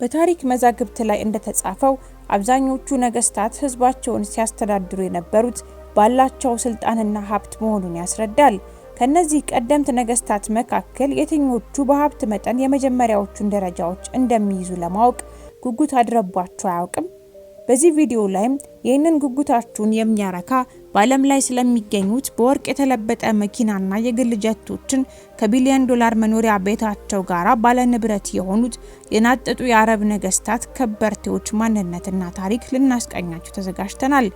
በታሪክ መዛግብት ላይ እንደተጻፈው አብዛኞቹ ነገስታት ህዝባቸውን ሲያስተዳድሩ የነበሩት ባላቸው ስልጣንና ሀብት መሆኑን ያስረዳል። ከነዚህ ቀደምት ነገስታት መካከል የትኞቹ በሀብት መጠን የመጀመሪያዎቹን ደረጃዎች እንደሚይዙ ለማወቅ ጉጉት አድረባቸው አያውቅም? በዚህ ቪዲዮ ላይም ይህንን ጉጉታችሁን የሚያረካ በዓለም ላይ ስለሚገኙት በወርቅ የተለበጠ መኪናና የግል ጀቶችን ከቢሊዮን ዶላር መኖሪያ ቤታቸው ጋር ባለንብረት የሆኑት የናጠጡ የአረብ ነገስታት ከበርቴዎች ማንነትና ታሪክ ልናስቀኛችሁ ተዘጋጅተናል።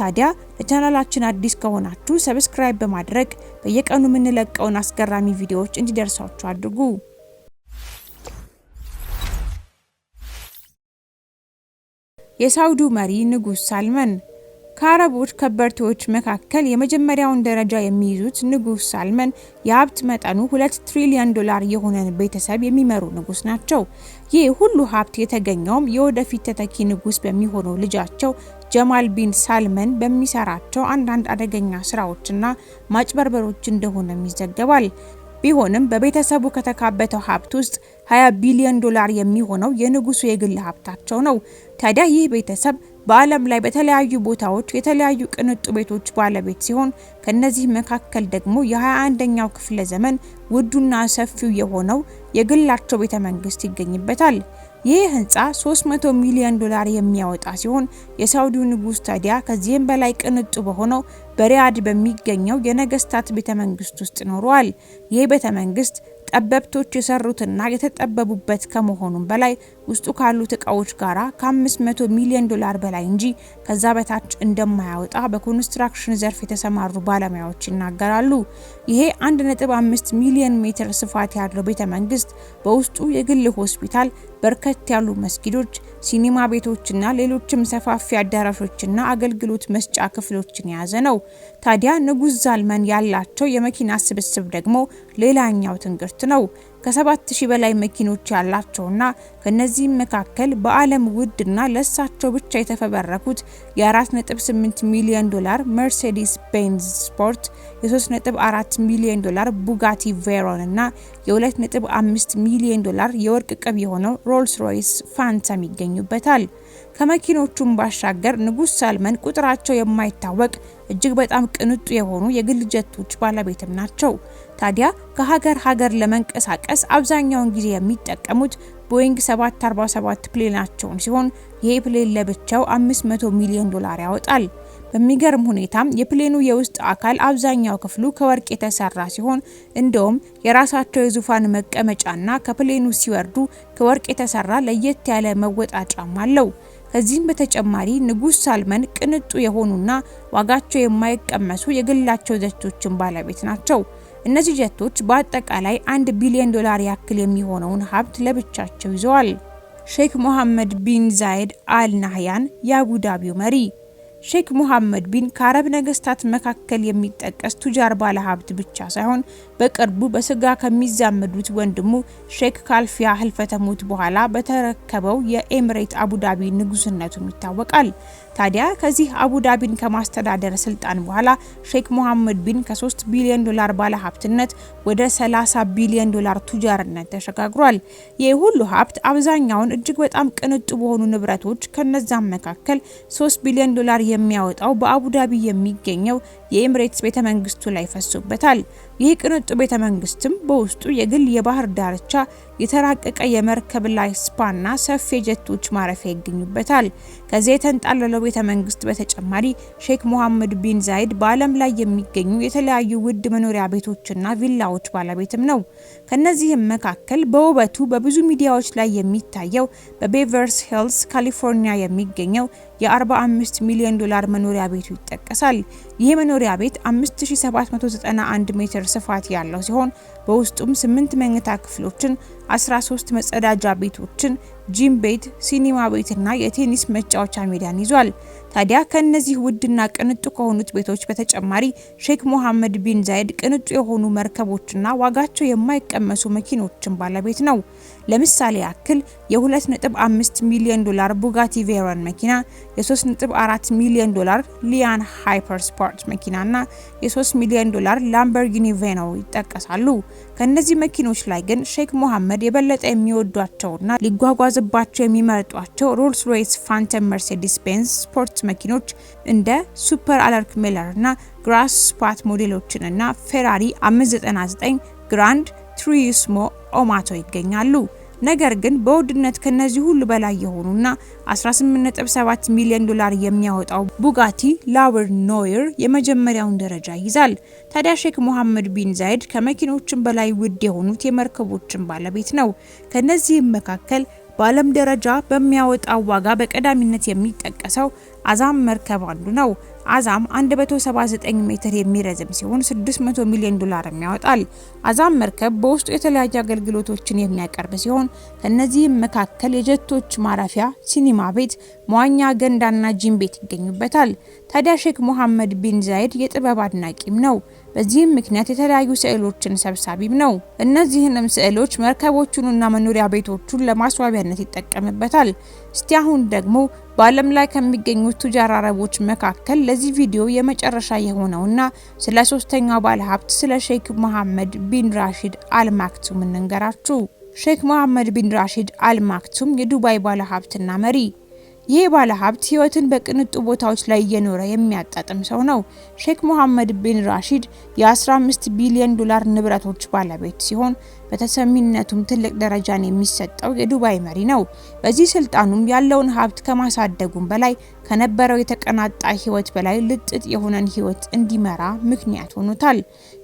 ታዲያ ለቻናላችን አዲስ ከሆናችሁ ሰብስክራይብ በማድረግ በየቀኑ የምንለቀውን አስገራሚ ቪዲዮዎች እንዲደርሳችሁ አድርጉ። የሳውዱ መሪ ንጉስ ሳልመን። ከአረቦች ከበርቴዎች መካከል የመጀመሪያውን ደረጃ የሚይዙት ንጉስ ሳልመን የሀብት መጠኑ ሁለት ትሪሊዮን ዶላር የሆነን ቤተሰብ የሚመሩ ንጉስ ናቸው። ይህ ሁሉ ሀብት የተገኘውም የወደፊት ተተኪ ንጉስ በሚሆነው ልጃቸው ጀማል ቢን ሳልመን በሚሰራቸው አንዳንድ አደገኛ ስራዎችና ማጭበርበሮች እንደሆነም ይዘገባል። ቢሆንም በቤተሰቡ ከተካበተው ሀብት ውስጥ 20 ቢሊዮን ዶላር የሚሆነው የንጉሱ የግል ሀብታቸው ነው። ታዲያ ይህ ቤተሰብ በዓለም ላይ በተለያዩ ቦታዎች የተለያዩ ቅንጡ ቤቶች ባለቤት ሲሆን ከነዚህ መካከል ደግሞ የ21ኛው ክፍለ ዘመን ውዱና ሰፊው የሆነው የግላቸው ቤተ መንግስት ይገኝበታል። ይህ ህንፃ 300 ሚሊዮን ዶላር የሚያወጣ ሲሆን የሳውዲው ንጉስ ታዲያ ከዚህም በላይ ቅንጡ በሆነው በሪያድ በሚገኘው የነገስታት ቤተ መንግስት ውስጥ ኖሯል። ይህ ቤተ መንግስት ጠበብቶች የሰሩትና የተጠበቡበት ከመሆኑም በላይ ውስጡ ካሉት እቃዎች ጋር ከ500 ሚሊዮን ዶላር በላይ እንጂ ከዛ በታች እንደማያወጣ በኮንስትራክሽን ዘርፍ የተሰማሩ ባለሙያዎች ይናገራሉ። ይሄ 1.5 ሚሊዮን ሜትር ስፋት ያለው ቤተ መንግስት በውስጡ የግል ሆስፒታል፣ በርከት ያሉ መስጊዶች፣ ሲኒማ ቤቶችና ሌሎችም ሰፋፊ አዳራሾችና አገልግሎት መስጫ ክፍሎችን የያዘ ነው። ታዲያ ንጉስ ዛልመን ያላቸው የመኪና ስብስብ ደግሞ ሌላኛው ትንግርት ነው። ከሰባት ሺህ በላይ መኪኖች ያላቸውና ከነዚህም መካከል በዓለም ውድና ለሳቸው ብቻ የተፈበረኩት የ4.8 ሚሊዮን ዶላር መርሴዲስ ቤንዝ ስፖርት፣ የ3.4 ሚሊዮን ዶላር ቡጋቲ ቬሮን እና የ2.5 ሚሊዮን ዶላር የወርቅ ቅብ የሆነው ሮልስ ሮይስ ፋንተም ይገኙበታል። ከመኪኖቹም ባሻገር ንጉስ ሳልመን ቁጥራቸው የማይታወቅ እጅግ በጣም ቅንጡ የሆኑ የግል ጀቶች ባለቤትም ናቸው። ታዲያ ከሀገር ሀገር ለመንቀሳቀስ አብዛኛውን ጊዜ የሚጠቀሙት ቦይንግ 747 ፕሌናቸውን ሲሆን ይሄ ፕሌን ለብቻው 500 ሚሊዮን ዶላር ያወጣል። በሚገርም ሁኔታም የፕሌኑ የውስጥ አካል አብዛኛው ክፍሉ ከወርቅ የተሰራ ሲሆን እንደውም የራሳቸው የዙፋን መቀመጫና ከፕሌኑ ሲወርዱ ከወርቅ የተሰራ ለየት ያለ መወጣጫም አለው። ከዚህም በተጨማሪ ንጉሥ ሳልመን ቅንጡ የሆኑና ዋጋቸው የማይቀመሱ የግላቸው ጀቶችን ባለቤት ናቸው። እነዚህ ጀቶች በአጠቃላይ አንድ ቢሊዮን ዶላር ያክል የሚሆነውን ሀብት ለብቻቸው ይዘዋል። ሼክ ሞሐመድ ቢን ዛይድ አል ናህያን የአቡዳቢው መሪ ሼክ ሙሐመድ ቢን ከአረብ ነገስታት መካከል የሚጠቀስ ቱጃር ባለሀብት ብቻ ሳይሆን በቅርቡ በስጋ ከሚዛመዱት ወንድሙ ሼክ ካልፊያ ህልፈተ ሞት በኋላ በተረከበው የኤምሬት አቡዳቢ ንጉስነቱም ይታወቃል። ታዲያ ከዚህ አቡዳቢን ከማስተዳደር ስልጣን በኋላ ሼክ ሙሐመድ ቢን ከ3 ቢሊዮን ዶላር ባለሀብትነት ወደ 30 ቢሊዮን ዶላር ቱጃርነት ተሸጋግሯል። ይህ ሁሉ ሀብት አብዛኛውን እጅግ በጣም ቅንጡ በሆኑ ንብረቶች ከነዛም መካከል 3 ቢሊዮን ዶላር የሚያወጣው በአቡዳቢ የሚገኘው የኤምሬትስ ቤተ መንግስቱ ላይ ፈሶበታል። ይህ ቅንጡ ቤተ መንግስትም በውስጡ የግል የባህር ዳርቻ፣ የተራቀቀ የመርከብ ላይ ስፓና ሰፊ የጀቶች ማረፊያ ይገኙበታል። ከዚያ የተንጣለለው ቤተ መንግስት በተጨማሪ ሼክ ሙሐመድ ቢን ዛይድ በዓለም ላይ የሚገኙ የተለያዩ ውድ መኖሪያ ቤቶችና ቪላዎች ባለቤትም ነው። ከነዚህም መካከል በውበቱ በብዙ ሚዲያዎች ላይ የሚታየው በቤቨርስ ሂልስ ካሊፎርኒያ የሚገኘው የ45 ሚሊዮን ዶላር መኖሪያ ቤቱ ይጠቀሳል። ይህ መኖሪያ ቤት 5791 ሜትር ስፋት ያለው ሲሆን በውስጡም ስምንት መኝታ ክፍሎችን 13 መጸዳጃ ቤቶችን፣ ጂም ቤት፣ ሲኒማ ቤትና የቴኒስ መጫወቻ ሜዳን ይዟል። ታዲያ ከነዚህ ውድና ቅንጡ ከሆኑት ቤቶች በተጨማሪ ሼክ ሞሐመድ ቢን ዛይድ ቅንጡ የሆኑ መርከቦችና ዋጋቸው የማይቀመሱ መኪኖችን ባለቤት ነው። ለምሳሌ ያክል የ2.5 ሚሊዮን ዶላር ቡጋቲ ቬሮን መኪና፣ የ3.4 ሚሊዮን ዶላር ሊያን ሃይፐር ስፖርት መኪናና የ3 ሚሊዮን ዶላር ላምበርጊኒ ቬኖ ይጠቀሳሉ። ከነዚህ መኪኖች ላይ ግን ሼክ ሞሐመድ መንገድ የበለጠ የሚወዷቸውና ሊጓጓዝባቸው የሚመርጧቸው ሮልስ ሮይስ ፋንተም መርሴዲስ ቤንስ ስፖርት መኪኖች እንደ ሱፐር አለርክ ሜለር ሜለርና ግራስ ስፓት ሞዴሎችን ሞዴሎችንና ፌራሪ 599 ግራንድ ትሪዩስሞ ኦማቶ ይገኛሉ። ነገር ግን በውድነት ከነዚህ ሁሉ በላይ የሆኑና 18.7 ሚሊዮን ዶላር የሚያወጣው ቡጋቲ ላውር ኖየር የመጀመሪያውን ደረጃ ይዛል። ታዲያ ሼክ ሙሐመድ ቢን ዛይድ ከመኪኖችን በላይ ውድ የሆኑት የመርከቦችን ባለቤት ነው። ከነዚህም መካከል በዓለም ደረጃ በሚያወጣው ዋጋ በቀዳሚነት የሚጠቀሰው አዛም መርከብ አንዱ ነው። አዛም 179 ሜትር የሚረዝም ሲሆን 600 ሚሊዮን ዶላርም ያወጣል። አዛም መርከብ በውስጡ የተለያዩ አገልግሎቶችን የሚያቀርብ ሲሆን ከነዚህም መካከል የጀቶች ማረፊያ፣ ሲኒማ ቤት፣ መዋኛ ገንዳና ጂም ቤት ይገኙበታል። ታዲያ ሼክ ሙሐመድ ቢን ዛይድ የጥበብ አድናቂም ነው። በዚህም ምክንያት የተለያዩ ስዕሎችን ሰብሳቢም ነው። እነዚህንም ስዕሎች መርከቦቹንና መኖሪያ ቤቶቹን ለማስዋቢያነት ይጠቀምበታል። እስቲ አሁን ደግሞ በዓለም ላይ ከሚገኙ ቱጃር አረቦች መካከል ለዚህ ቪዲዮ የመጨረሻ የሆነውና ስለ ሶስተኛው ባለሀብት ስለ ሼክ መሐመድ ቢን ራሺድ አልማክቱም እንንገራችሁ። ሼክ መሐመድ ቢን ራሺድ አልማክቱም የዱባይ ባለሀብትና መሪ ይህ ባለሀብት ህይወትን በቅንጡ ቦታዎች ላይ እየኖረ የሚያጣጥም ሰው ነው። ሼክ መሐመድ ቢን ራሺድ የ15 ቢሊዮን ዶላር ንብረቶች ባለቤት ሲሆን በተሰሚነቱም ትልቅ ደረጃን የሚሰጠው የዱባይ መሪ ነው። በዚህ ስልጣኑም ያለውን ሀብት ከማሳደጉም በላይ ከነበረው የተቀናጣ ህይወት በላይ ልጥጥ የሆነን ህይወት እንዲመራ ምክንያት ሆኖታል።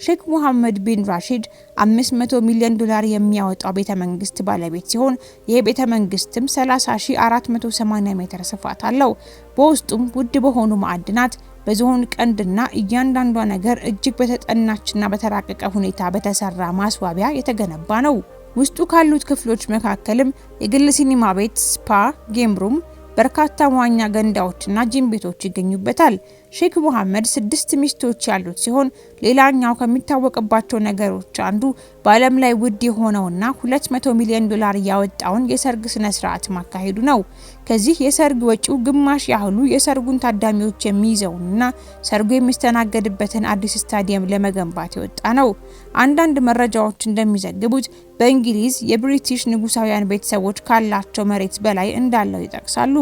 ሼክ ሙሐመድ ቢን ራሺድ 500 ሚሊዮን ዶላር የሚያወጣው ቤተ መንግስት ባለቤት ሲሆን ይህ ቤተ መንግስትም 30480 ሜትር ስፋት አለው። በውስጡም ውድ በሆኑ ማዕድናት በዝሆን ቀንድና እያንዳንዷ ነገር እጅግ በተጠናችና በተራቀቀ ሁኔታ በተሰራ ማስዋቢያ የተገነባ ነው። ውስጡ ካሉት ክፍሎች መካከልም የግል ሲኒማ ቤት፣ ስፓ፣ ጌም ሩም፣ በርካታ መዋኛ ገንዳዎችና ጂም ቤቶች ይገኙበታል። ሼክ መሐመድ ስድስት ሚስቶች ያሉት ሲሆን ሌላኛው ከሚታወቅባቸው ነገሮች አንዱ በዓለም ላይ ውድ የሆነውና 200 ሚሊዮን ዶላር ያወጣውን የሰርግ ስነ ስርዓት ማካሄዱ ነው። ከዚህ የሰርግ ወጪው ግማሽ ያህሉ የሰርጉን ታዳሚዎች የሚይዘውንና ሰርጉ የሚስተናገድበትን አዲስ ስታዲየም ለመገንባት የወጣ ነው። አንዳንድ መረጃዎች እንደሚዘግቡት በእንግሊዝ የብሪቲሽ ንጉሳውያን ቤተሰቦች ካላቸው መሬት በላይ እንዳለው ይጠቅሳሉ።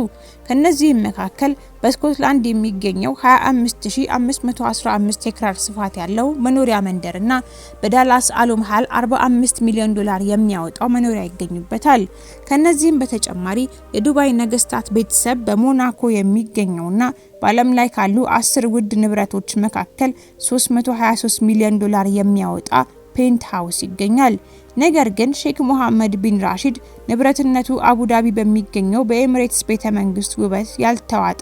ከነዚህም መካከል በስኮትላንድ የሚገኘው 25515 ሄክታር ስፋት ያለው መኖሪያ መንደር እና በዳላስ አሉምሃል 45 ሚሊዮን ዶላር የሚያወጣው መኖሪያ ይገኙበታል። ከነዚህም በተጨማሪ የዱባይ ነገስታት ቤተሰብ በሞናኮ የሚገኘውና በዓለም ላይ ካሉ አስር ውድ ንብረቶች መካከል 323 ሚሊዮን ዶላር የሚያወጣ ፔንት ሃውስ ይገኛል። ነገር ግን ሼክ ሙሐመድ ቢን ራሺድ ንብረትነቱ አቡዳቢ በሚገኘው በኤምሬትስ ቤተ መንግስት ውበት ያልተዋጠ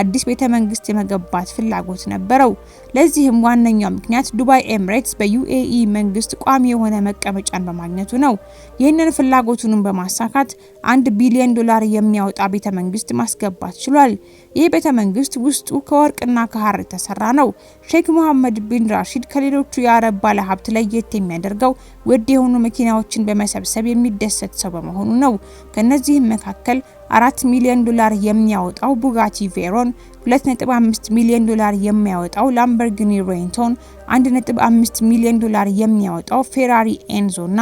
አዲስ ቤተ መንግስት የመገንባት ፍላጎት ነበረው። ለዚህም ዋነኛው ምክንያት ዱባይ ኤምሬትስ በዩኤኢ መንግስት ቋሚ የሆነ መቀመጫን በማግኘቱ ነው። ይህንን ፍላጎቱንም በማሳካት አንድ ቢሊዮን ዶላር የሚያወጣ ቤተ መንግስት ማስገባት ችሏል። ይህ ቤተ መንግስት ውስጡ ከወርቅና ከሐር የተሰራ ነው። ሼክ ሙሐመድ ቢን ራሺድ ከሌሎቹ የአረብ ባለሀብት ለየት የሚያደርገው ውድ የሆኑ መኪናዎችን በመሰብሰብ የሚደሰት ሰው በመሆኑ ነው። ከነዚህም መካከል አራት ሚሊዮን ዶላር የሚያወጣው ቡጋቲ ቬሮን፣ 2.5 ሚሊዮን ዶላር የሚያወጣው ላምበርጊኒ ሬንቶን፣ 1.5 ሚሊዮን ዶላር የሚያወጣው ፌራሪ ኤንዞ እና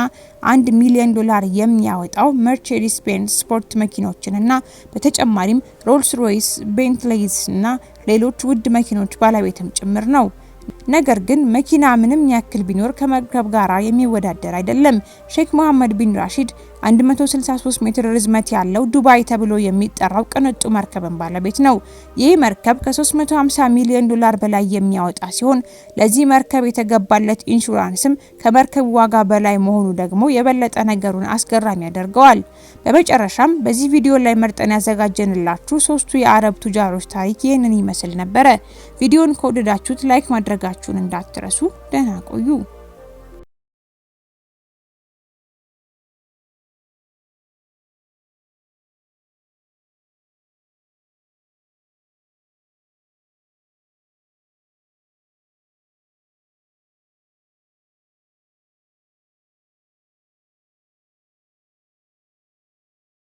1 ሚሊዮን ዶላር የሚያወጣው መርቼዲስ ቤንዝ ስፖርት እና በተጨማሪም ሮልስ ሮይስ፣ ቤንትሌይስ እና ሌሎች ውድ መኪኖች ባለቤትም ጭምር ነው። ነገር ግን መኪና ምንም ያክል ቢኖር ከመርከብ ጋር የሚወዳደር አይደለም። ሼክ መሐመድ ቢን ራሺድ 163 ሜትር ርዝመት ያለው ዱባይ ተብሎ የሚጠራው ቅንጡ መርከብን ባለቤት ነው። ይህ መርከብ ከ350 ሚሊዮን ዶላር በላይ የሚያወጣ ሲሆን ለዚህ መርከብ የተገባለት ኢንሹራንስም ከመርከቡ ዋጋ በላይ መሆኑ ደግሞ የበለጠ ነገሩን አስገራሚ ያደርገዋል። በመጨረሻም በዚህ ቪዲዮ ላይ መርጠን ያዘጋጀንላችሁ ሶስቱ የአረብ ቱጃሮች ታሪክ ይህንን ይመስል ነበረ። ቪዲዮን ከወደዳችሁት ላይክ ማድረጋችሁ መተግበራችሁን እንዳትረሱ። ደህና ቆዩ።